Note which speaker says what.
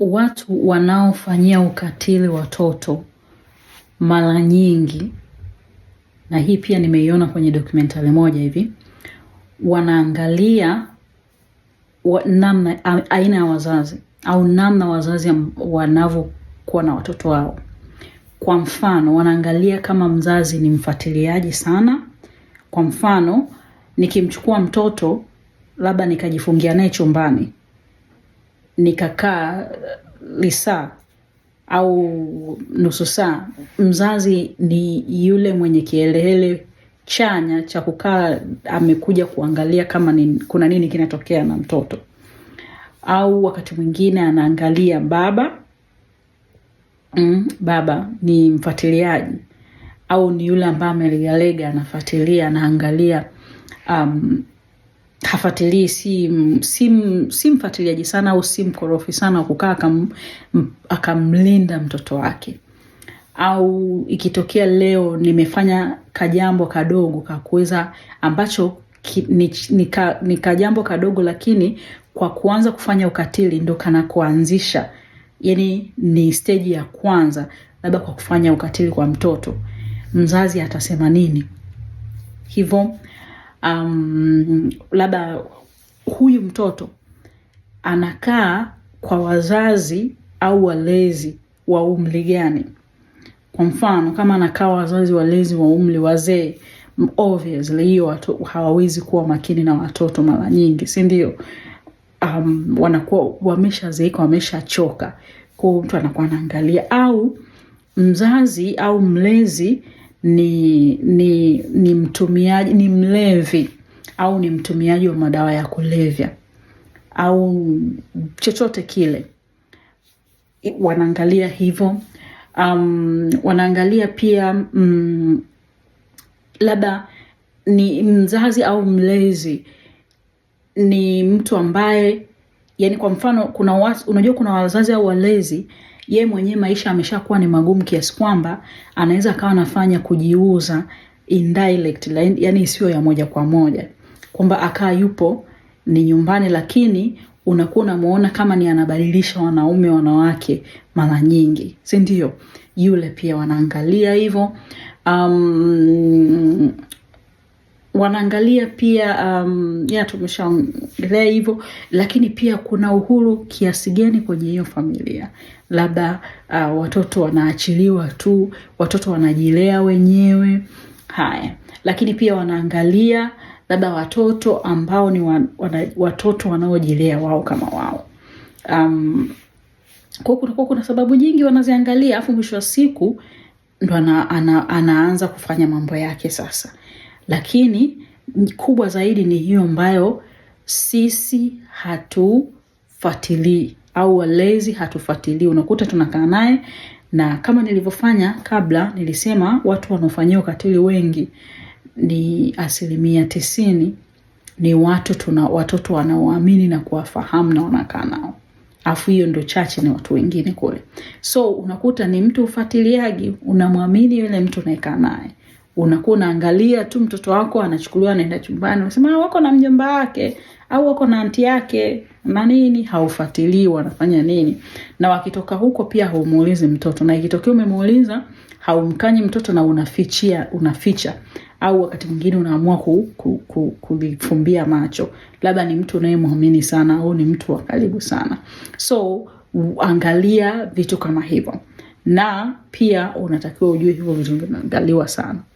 Speaker 1: Watu wanaofanyia ukatili watoto mara nyingi, na hii pia nimeiona kwenye dokumentari moja hivi, wanaangalia wa, namna aina ya wazazi au namna wazazi wanavyokuwa na watoto wao. Kwa mfano, wanaangalia kama mzazi ni mfuatiliaji sana. Kwa mfano, nikimchukua mtoto labda nikajifungia naye chumbani nikakaa lisaa au nusu saa. Mzazi ni yule mwenye kielehele chanya cha kukaa, amekuja kuangalia kama ni, kuna nini kinatokea na mtoto, au wakati mwingine anaangalia baba mm, baba ni mfuatiliaji au ni yule ambaye amelegalega anafuatilia, anaangalia um, hafuatilii si, sim, si mfuatiliaji sana au si mkorofi sana wa kukaa akam, akamlinda mtoto wake. Au ikitokea leo nimefanya kajambo kadogo kakuweza ambacho ni, ni, ka, ni kajambo kadogo, lakini kwa kuanza kufanya ukatili ndo kana kuanzisha, yani ni steji ya kwanza, labda kwa kufanya ukatili kwa mtoto, mzazi atasema nini? hivyo um, labda huyu mtoto anakaa kwa wazazi au walezi wa umri gani. Kwa mfano kama anakaa wazazi walezi wa umri wazee, obviously hiyo hawawezi kuwa makini na watoto mara nyingi, si ndio? Um, wanakuwa wameshazeeka, wameshachoka, kwa mtu anakuwa anaangalia, au mzazi au mlezi ni, ni, ni mtumiaji ni mlevi au ni mtumiaji wa madawa ya kulevya au chochote kile, wanaangalia hivyo. Um, wanaangalia pia mm, labda ni mzazi au mlezi ni mtu ambaye yani, kwa mfano kuna watu, unajua kuna wazazi au walezi yeye mwenyewe maisha ameshakuwa ni magumu kiasi kwamba anaweza akawa anafanya kujiuza indirect, yani isiyo ya moja kwa moja, kwamba akaa yupo ni nyumbani, lakini unakuwa unamuona kama ni anabadilisha wanaume wanawake mara nyingi, si ndio? Yule pia wanaangalia hivyo um, wanaangalia pia um, ya tumeshaongelea hivyo, lakini pia kuna uhuru kiasi gani kwenye hiyo familia. Labda uh, watoto wanaachiliwa tu, watoto wanajilea wenyewe. Haya, lakini pia wanaangalia labda watoto ambao ni wan, wana, watoto wanaojilea wao kama wao um, kwa kunakuwa kuna sababu nyingi wanaziangalia, afu mwisho wa siku ndo ana, ana, anaanza kufanya mambo yake sasa lakini kubwa zaidi ni hiyo ambayo sisi hatufuatilii au walezi hatufuatilii. Unakuta tunakaa naye na kama nilivyofanya kabla, nilisema watu wanaofanyia ukatili wengi ni asilimia tisini ni watu tuna watoto wanaoamini na kuwafahamu na wanakaa nao, afu hiyo ndo chache ni watu wengine kule. So unakuta ni mtu ufuatiliaji, unamwamini yule mtu unaekaa naye unakuwa unaangalia tu mtoto wako anachukuliwa anaenda chumbani, unasema ah, wako na mjomba wake au wako na anti yake na nini, haufuatilii wanafanya nini, na wakitoka huko pia haumuulizi mtoto, na ikitokea umemuuliza haumkanyi mtoto na unafichia, unaficha au wakati mwingine unaamua ku, ku, ku, kulifumbia macho, labda ni mtu unayemwamini sana au ni mtu wa karibu sana. So angalia vitu kama hivyo, na pia unatakiwa ujue hivyo vitu vinaangaliwa sana.